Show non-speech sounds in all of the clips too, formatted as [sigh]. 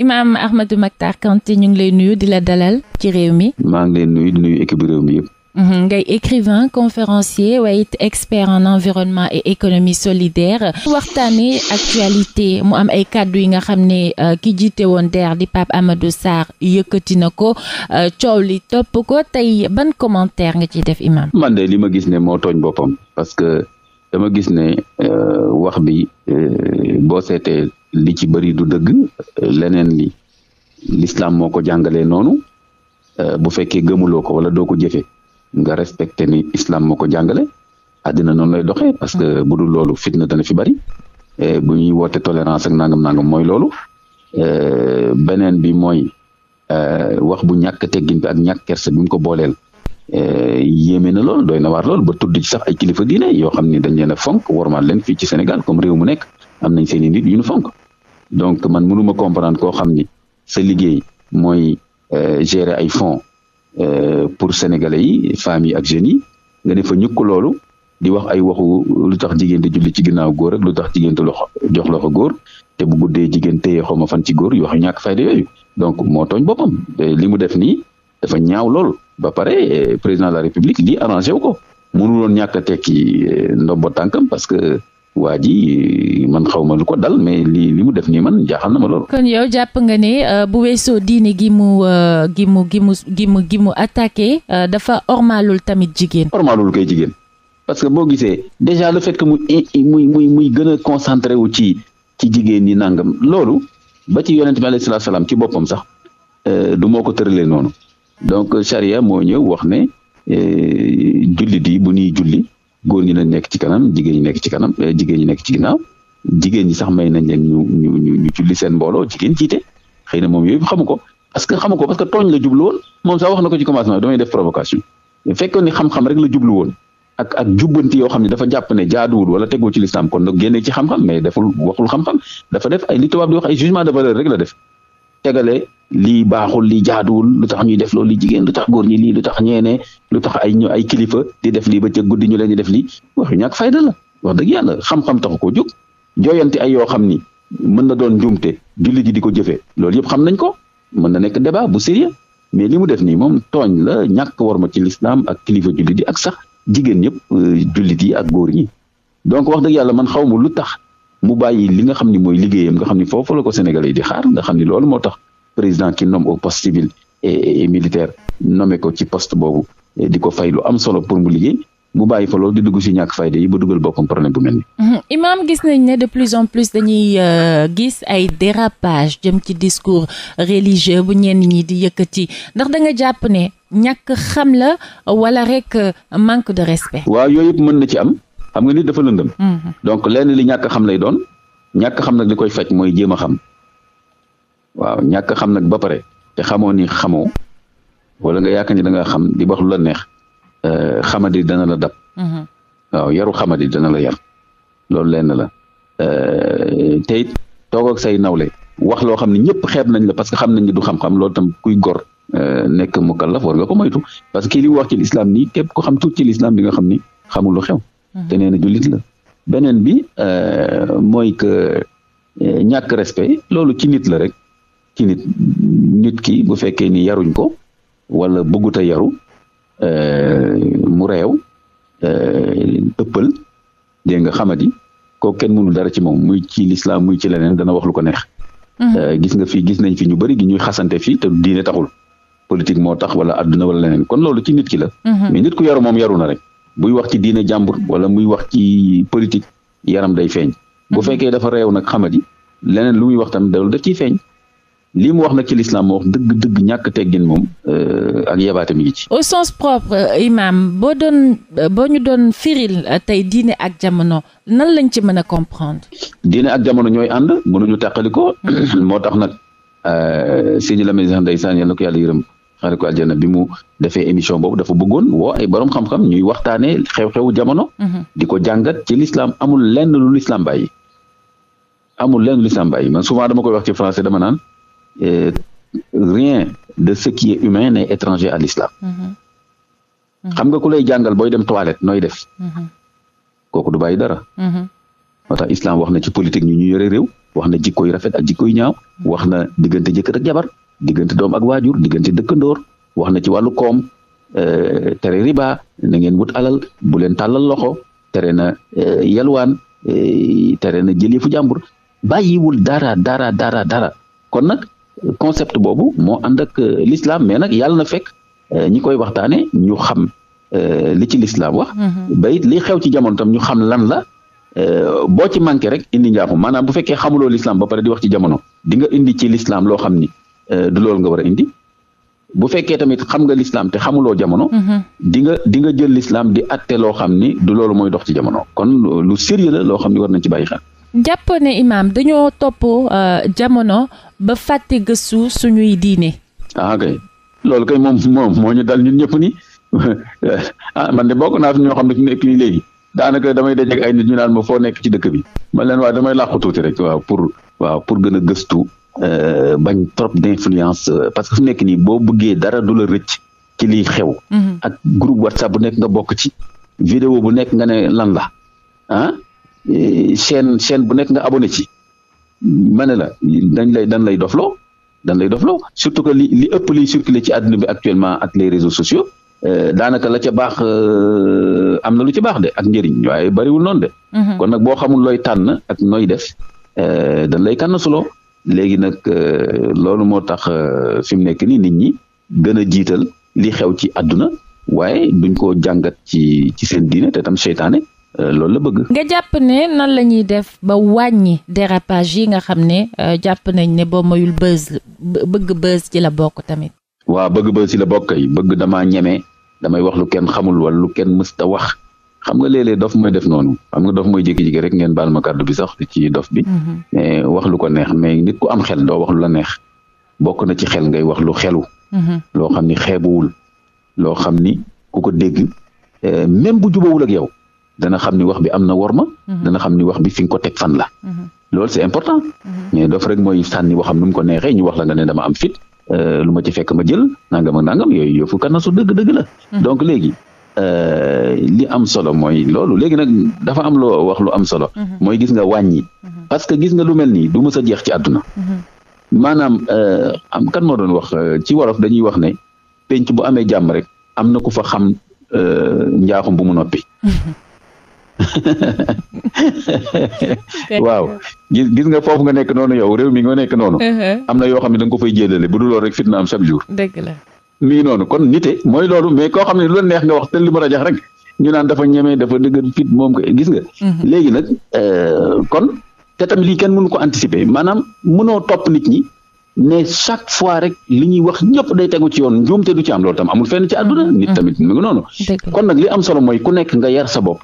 Imam Ahmadou Mactar Kanté ñu ngi lay nuyu di la dalal ci réew mi. maa ngi lay nuyu di nuyu équipe réew mi yëpp. Mm-hmm. ngay écrivain conférencier waaye it expert en environnement et économie solidaire waxtaane actualité mu am ay kàddu yi nga xam ne euh, ki jiite woon DER di Pape Amadou Sarr yëkkati na ko euh, coow li topp ko tey ban commentaire nga ciy def imam man de li ma gis ne moo tooñ boppam parce que dama gis ne euh, wax bi boo seetee li ci bëri du dëgg leneen li l'islam moo ko jàngalee noonu euh, bu fekkee gëmuloo ko wala doo ko jëfee nga respecté ni islam moo ko jàngale àddina noonu lay doxee parce que bu dul loolu fitna dana fi bari euh, bu ñuy woote tolérance ak nangam nangam mooy loolu euh, beneen bi mooy wax bu ñàkk teggin bi ak ñàkk kersa bi mu ko booleel yéeme na lool doy na waar lool tudd ci sax ay kilifa diine yoo xam ni dañ leen fonk fonk warmaal leen fii ci Sénégal comme réew mu nekk am nañ seen i nit yu ñu fonk donc man mënuma comprendre koo xam ni sa liggéey mooy euh, gérer ay fons e euh, pour sénégalais yi femmes yi ak jeunes yi nga ne fa ñukk loolu di wax ay waxu lu tax jigéen di julli ci ginnaaw góor ak lu tax jigéen loxo jox loxo góor te bu guddee jigéen téye ma fan ci góor yoo xam ñàkk fayda yooyu donc moo tooñ boppam li mu def nii dafa ñaaw lool ba pare euh, président la république lii arrangé wu ko mënuloon ñàkk a tekki ndombo tànkam parce que waa ji man xawma lu ko dal mais li li mu def nii man jaaxal na ma lool. kon yow jàpp nga ne euh, bu weesoo diine gi mu euh, gi mu gi mu gi mu gi mu attaqué euh, dafa ormaalul tamit jigéen. ormaalul kay jigéen parce que boo gisee déjà lu fekk mu muy muy muy muy gën a concentré wu ci ci jigéen ñi nangam loolu ba ci yonent bi alayhi salaatu salaam ci boppam sax du moo ko tëralee noonu donc charia moo ñëw wax ne jullit yi bu nuy julli. góor ñi nañ nekk ci kanam jigéen ñi nekk ci kanam eh, jigéen ñi nekk ci ginnaaw jigéen ñi sax may nañ leen ñu ñu ñu ñu julli seen mbooloo jigéen jiite xay na moom yooyu xamu ko parce que xamu ko parce que tooñ la jublu woon moom sax wax ko ci commencement damay def provocation fekkoon ni xam-xam rek la jublu woon ak ak jubbanti yoo xam ne dafa jàpp ne jaaduwul wala tegoo ci lislaam kon nag génne ci xam-xam mais deful waxul xam-xam dafa def ay li tubaab di wax ay jugement de rek la def tegale lii baaxul lii jaaduwul lu tax ñuy def li jigéen lu tax góor ñi lii lu tax ñeene lu tax ay ñu ay kilifa di def lii ba ca guddi ñu leen di def lii wax yu ñàkk fayda la wax dëgg yàlla xam-xam taxu koo jóg jooyanti ay yoo xam ni mën na doon njuumte julli ji di ko jëfee loolu yëpp xam nañ ko mën na nekk debaa bu sérieux mais li mu def nii moom tooñ la ñàkk war ma ci lislaam ak kilifa jullit yi ak sax jigéen ñëpp euh, jullit yi ak góor ñi donc wax dëgg yàlla man xaw ma lu tax mu bàyyi li nga xam ni mooy liggéeyam nga xam ni foofu la ko Sénégalais yi di xaar nga xam ni loolu moo tax président ki nomme au poste civil et militaire nommé ko ci post boobu di ko fay lu am solo pour mu liggéey mu bàyyi fa loolu di dugg si ñàkk fayda yi ba dugal boppam problème bu mel ni imaam gis nañ ne de plus en plus dañuy euh, gis ay dérapage jëm ci discours religieux bu ñenn ñi di yëkkati ndax da jàpp ne ñàkk xam la wala rek euh, manque de respect. waaw yooyu yëpp mën na ci am. xam nga nit dafa lëndëm. Mm-hmm. donc lenn li ñàkk xam lay doon ñàkk xam nag li koy faj mooy jéem a xam waaw ñàkk xam nag ba pare te xamoo ni xamoo wala nga yaakaar ni da nga xam di wax la neex euh, xamadi dana la dab. Mm-hmm. waaw yaru xamadi dana la yar loolu lenn la euh, te it toog ak say nawle wax xam ne ñëpp xeeb nañ la parce que xam nañ ne du xam-xam lool tam kuy gor euh, nekk mukallaf war nga ko moytu parce que li wax ci lislaam nii képp ko xam tuuti ci lislaam di nga xam ni xamul lu xew. te nee na jullit la beneen bi euh, mooy que euh, ñàkk respect loolu ci nit la rek ci nit nit ki bu fekkee ni yaruñ ko wala bëggut a yaru euh, mu réew ëppal dégg nga xamadi ko kenn mënul dara ci moom muy ci lislaam muy ci leneen dana wax lu ko neex. gis nga fii gis nañ fi ñu bëri gi ñuy xasante fii te diine taxul politique moo tax wala àdduna wala leneen kon loolu ci nit ki la. mais nit ku yaru moom yaru na rek. buy wax ci diine jàmbur wala muy wax ci politique yaram day feeñ. bu mhm. fekkee dafa réew nag xamadi leneen lu muy waxtam tamit da daf ciy feeñ. lii mu wax na ci lislaam moo wax dëgg dëgg ñàkk teggin moom euh, ak yabaate mi ci. au sens propre euh, imam boo doon euh, boo ñu doon firil tey diine ak jamono nan lañ ci mën a comprendre. diine ak jamono ñooy ànd mënuñu tàqali ko mhm. [clears throat] moo tax nag Seydi Lamine Ndiaye ndeysaan yàlla na ko yàlla yërëm xaaral ko àjjana bi mu defee émission boobu dafa bëggoon woo ay borom xam-xam ñuy waxtaanee xew-xewu jamono. Mhm. di ko jàngat ci l'islam amul lenn lu l'islam bàyyi. amul lenn lu l'islam bàyyi man souvent dama koy wax ci français dama naan eh, rien de ce qui est humain n'est étranger a l'islam. Mhm. Mhm. xam nga ku lay jàngal booy dem toilette nooy def. kooku du bàyyi dara. moo tax islam wax na ci politique ñu ñu yore réew wax na rafet ak jikko ñaaw wax diggante jëkkër ak jabar diggante doom ak waajur diggante dëkkandoor wax na ci wàllu koom e tere riba na ngeen wut alal bu leen tàllal loxo tere na euh, yalwaan euh, tere na jël yëfu jàmbur bàyyiwul dara dara dara dara kon nag concept boobu moo ànd ak l'islam mais nag yàlla na fekk ñi koy waxtaane ñu xam li ci l'islam wax mm-hmm. ba it li xew ci jamono tam ñu xam lan la boo ci manqué rek indi njaaxum maanaam bu fekkee xamuloo l'islam ba pare di wax ci jamono di indi ci l'islam loo xam ni Euh, du loolu nga war a indi bu fekkee tamit xam nga l'islam te xamuloo jamono. Mhm. di nga di nga jël lislaam di atte loo xam ni du loolu mooy dox ci jamono kon lu sérieux la loo xam ni war nañ ci bàyyi xel. jàpp ne imaam dañoo topp euh, jamono ba fàtte gëstu suñuy diine. ah loolu kay moom moom moo ñu dal ñun ñëpp ni [laughs] ah man de bokk naa fi xam ne fi nekk nii léegi daanaka damay dajeeg ay nit ñu naan ma foo nekk ci dëkk bi. man leen waaw damay làqu tuuti rek waaw pour waaw pour gën gëstu. Euh, bañ trop d'influence euh, parce que fu nekk nii boo bëggee dara du la rëcc ci liy xew. Mhm. ak groupe WhatsApp bu nekk nga bokk ci. vidéo bu nekk nga ne lan la ah chaîne chaîne bu nekk nga abonné ci ma ne la dañ lay dañ lay dofloo dañ lay dofloo surtout que li li ëpp liy circulé ci àdduna bi actuellement ak les réseaux sociaux euh, daanaka la ca baax am na lu ci baax de ak njëriñ waaye bariwul noonu de. Mhm. kon nag boo xamul looy tànn ak nooy def dañ lay kànn suloo léegi nag euh, loolu moo tax euh, fi mu nekk nii nit ñi gën a jiital li xew ci àdduna waaye duñ ko jàngat ci ci seen diine te tam seytaane euh, loolu la bëgg. nga jàpp ne nan la ñuy def ba wàññi dérapage yi nga xam ne jàpp nañ ne boo mayul buzz bëgg buzz ci la bokk tamit. waaw bëgg buzz ci la bokk yi bëgg damaa ñeme damay wax lu kenn xamul wala lu kenn mësta wax. xam nga léeg-léeg dof mooy def noonu xam nga dof mooy jékki-jékki rek ngeen baal ma kàddu bi sax ci dof bi. Mhm. mais wax ko neex mais nit ku am xel doo wax lu la neex bokk na ci xel ngay wax lu xelu. Mhm. loo xam ni xeebuwul loo xam ni ku ko dégg euh, même bu jubawul ak yow dana xam ni wax bi am na worma. Mhm. dana xam ni wax bi fi nga ko teg fan la. loolu c'est important. mais dof rek mooy sànni waxam nu mu ko neexee ñu wax la nga ne dama am fit euh, lu ma ci fekk ma jël nangam ak nangam yooyu yëfu kan na so dëgg dëgg la. donc léegi Euh, li am solo mooy loolu léegi nag dafa am loo wax lu am solo. Mhm. mooy gis nga wàññi. Mhm. parce que gis nga lu mel nii du mës a jeex ci àdduna. Mhm. maanaam euh, am kan moo doon wax euh, ci wolof dañuy wax ne penc bu amee jàmm rek am na ku fa xam njaaxum bu mu noppi. [laughs] waaw gis gis nga foofu nga nekk noonu yow réew mi nga nekk noonu. Uh-huh. am na yoo xam ne da nga ko fay jéelale bu dul loolu rek fitna am chaque jour. dëgg mi ngi noonu kon nite mooy loolu mais koo xam ne lu la neex nga wax te li ma rajax rek ñu naan dafa ñeme dafa dëgër fit moom ko gis nga. Mm-hmm. léegi nag euh, kon te tamit lii kenn mënu ko anticiper maanaam mënoo topp nit ñi. mais chaque fois rek li ñuy wax ñëpp day tegu ci yoon te du ci am loolu tam amul fenn ci adduna mm-hmm. nit tamit mu noonu kon nag li am solo mooy ku nekk nga yar sa bopp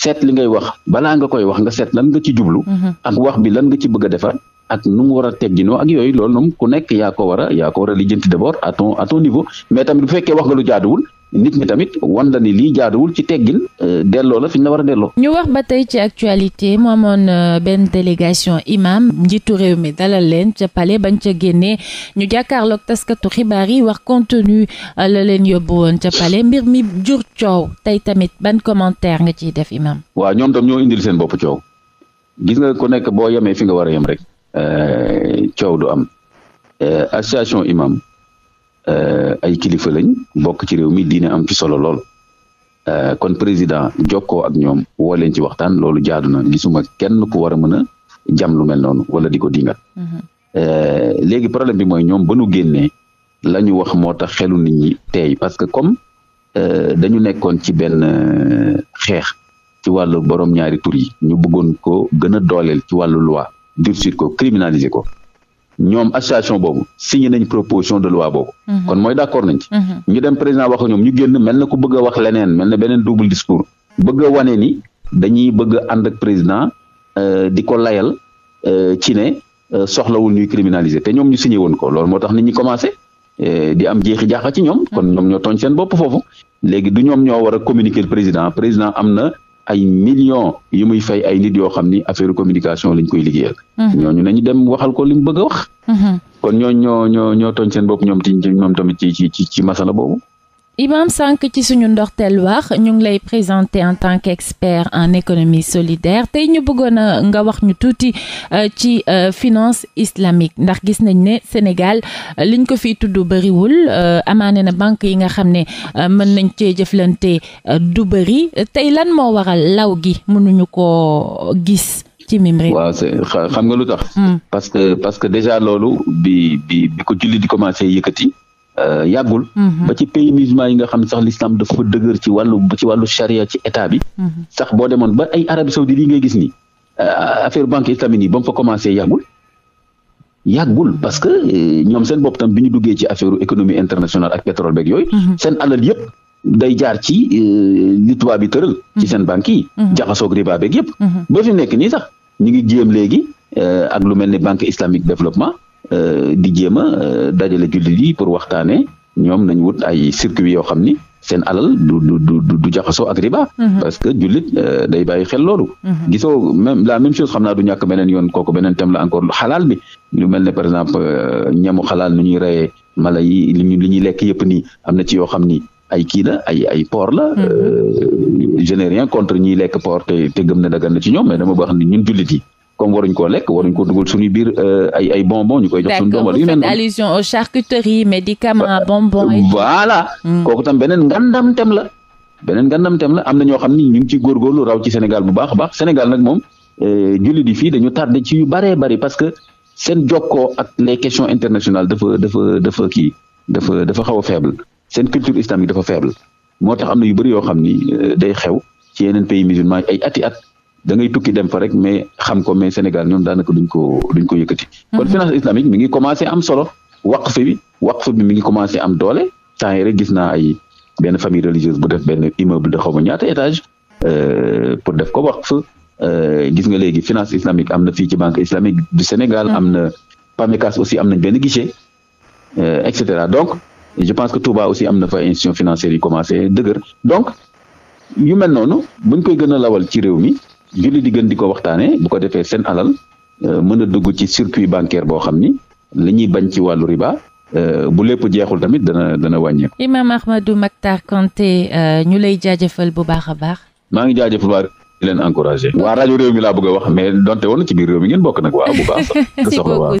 seet li ngay wax balaa nga koy wax nga seet lan nga ci jublu mm-hmm. ak wax bi lan nga ci bëgg a defar ak nu mu war a tegginoo ak yooyu loolu moom ku nekk yaa ko war a ko war a lijjanti d'abord à ton à ton niveau mais tamit bu fekkee wax nga lu jaaduwul. nit ñi tamit wan la ni lii jaaduwul ci teggin euh, delloo la fi ñu la war a delloo. ñu wax ba tey ci actualité mu amoon euh, benn délégation imam njiitu réew mi dalal leen ca pale bañ ca génnee ñu jàkkaarloog taskatu xibaar yi wax contenu euh, la leen yóbbu ca palais mbir mi jur coow tey tamit ban commentaire nga ciy def imam. waaw ñoom tam ñoo indil seen bopp coow gis nga ku nekk boo yemee fi nga war a yem rek. Euh, coow du am euh, association imam euh, ay kilifa lañ bokk ci réew mi diine am ci solo lool kon président jokkoo ak ñoom woo leen ci waxtaan loolu jaadu na gisuma kenn ku war a mën a jam lu mel noonu wala di ko dingat mhm. léegi problème bi mooy ñoom ba nu génnee la ñu wax moo tax xelu nit ñi tey parce que comme dañu nekkoon ci benn xeex ci wàllu borom ñaari tur ñu bëggoon ko gën a dooleel ci wàllu loi durcir ko criminaliser ko ñoom association boobu signé nañ proposition de loi boobu. Mhm. kon mooy d'accord nañ ci. Mhm. ñu dem président wax ñoom ñu génn mel na ku bëgg a wax leneen mel na beneen double discours. bëgg a wane ni dañuy bëgg a ànd ak président euh, di ko layal euh, ci ne euh, soxlawul ñuy criminaliser te ñoom ñu signé woon ko loolu moo tax nit ñi commencé di am jeexi jaaxa ci ñoom. kon mhm. ñoom ñoo tooñ seen bopp foofu. léegi du ñoom ñoo war a communiquer président ay millions yu muy fay ay nit yoo xam ni affaire communication lañ koy liggéeyal. Mhm. ñooñu nañu dem waxal ko li mu bëgg wax. Mhm. kon ñooñu ñoo ñoo ñoo tooñ seen bopp ñoom ci ñoom tamit ci ci ci masala boobu. Imam Sànk ci suñu ndorteel wax ñu ngi lay présenter en tant qu'expert en économie solidaire tey ñu bëggoon a nga wax ñu tuuti euh, ci euh, finance islamique ndax gis nañ ne Sénégal euh, liñ ko fi tudd bëriwul amaane na banque yi nga xam ne mën nañ cee jëflante du bëri tey lan moo waral law gi mënuñu ko gis ci mim réew waaw xam nga lu tax hmm. parce que parce que déjà loolu bi bi ko julli di commencé yëkkati Euh, yàggul. Mhm. ba ci pays musulman yi nga xam sax l'islam dafa fa dëgër ci wàllu ci wàllu charia ci état bi. Mhm. sax boo demoon ba ay Arabie saoudite yi ngay gis nii euh, affaire banque islamique yi ba mu fa commencé yàggul. yàggul parce que euh, ñoom seen bopp tam bi ñu duggee ci affaire économie internationale ak pétrole beeg yooyu. Mhm. seen alal yëpp day jaar ci li tubaab ci seen banques yi. jaxasoog riba yëpp. ba fi nekk nii sax ñu ngi jéem léegi ak lu mel ne banque islamique Euh, di jéem a euh, dajale jullit yi pour waxtaanee ñoom nañ wut ay circuit yoo xam ni seen alal du du du du jaxasoo ak riba. Mhm. parce que jullit euh, day bàyyi xel loolu. Mhm. gisoo même la même chose xam naa du ñàkk beneen yoon kooku beneen thème la encore xalaal bi lu mel ne par exemple ñamu xalaal nu ñuy reyee mala yi li ñu li ñuy lekk yëpp nii am na ci yoo xam ni. ay kii la ay ay porc la. Mhm. je n'ai rien contre ñiy lekk poor te te gëm na dagan na ci ñoom mais dama wax ñun jullit yi comme waruñ koo lekk waruñ ko dugal suñu biir euh, ay ay bonbon ñu koy jox suñu doom. yu mel noonu allusion aux charcuteries médicaments euh, bonbons. voilà hmm. kooku tam beneen ngandam tem la. beneen ngandam tem la am na ñoo xam ni ñu ngi ci góorgóorlu raw ci Sénégal bu baax a baax Sénégal nag moom euh, julli di fii dañu tardé ci yu baree bari parce que seen jokko ak les questions internationales dafa dafa dafa kii dafa dafa xaw a faible seen culture islamique dafa faible moo tax am na yu bëri yoo xam ni day xew ci yeneen pays musulman ay ati at da ngay tukki dem fa rek mais xam ko mais Sénégal ñoom daanaka duñ ko duñ ko yëkkati. kon mhm. finance islamique mi ngi commencé am solo waqf bi waqf bi mi ngi commencé am doole temps yi rek gis naa ay benn famille religieuse bu def benn immeuble de xaw ma ñaata étage euh, pour def ko waqf euh, gis nga léegi finance islamique am na fii ci banque islamique du Sénégal mhm. am na PAMECAS aussi am nañ benn guichet euh, et cetera donc je pense que Touba aussi am na fa institution financière yi commencé dëgër donc yu mel noonu buñ koy gën a lawal ci réew mi. julli di gën di ko waxtaanee bu ko defee seen alal euh, mën a dugg ci circuit bancaire boo xam ni li ñuy bañ ci wàllu riba. Euh, bu lépp jeexul tamit dana dana wàññeeku. Imam Ahmadou Mactar Kanté euh, ñu lay jaajëfal bu baax a baax. maa ngi jaajëfal waa di leen encouragé. waa rajo réew mi laa bëgg a wax mais donte woon ci biir réew mi ngeen bokk nag waa bu baax sax. [laughs]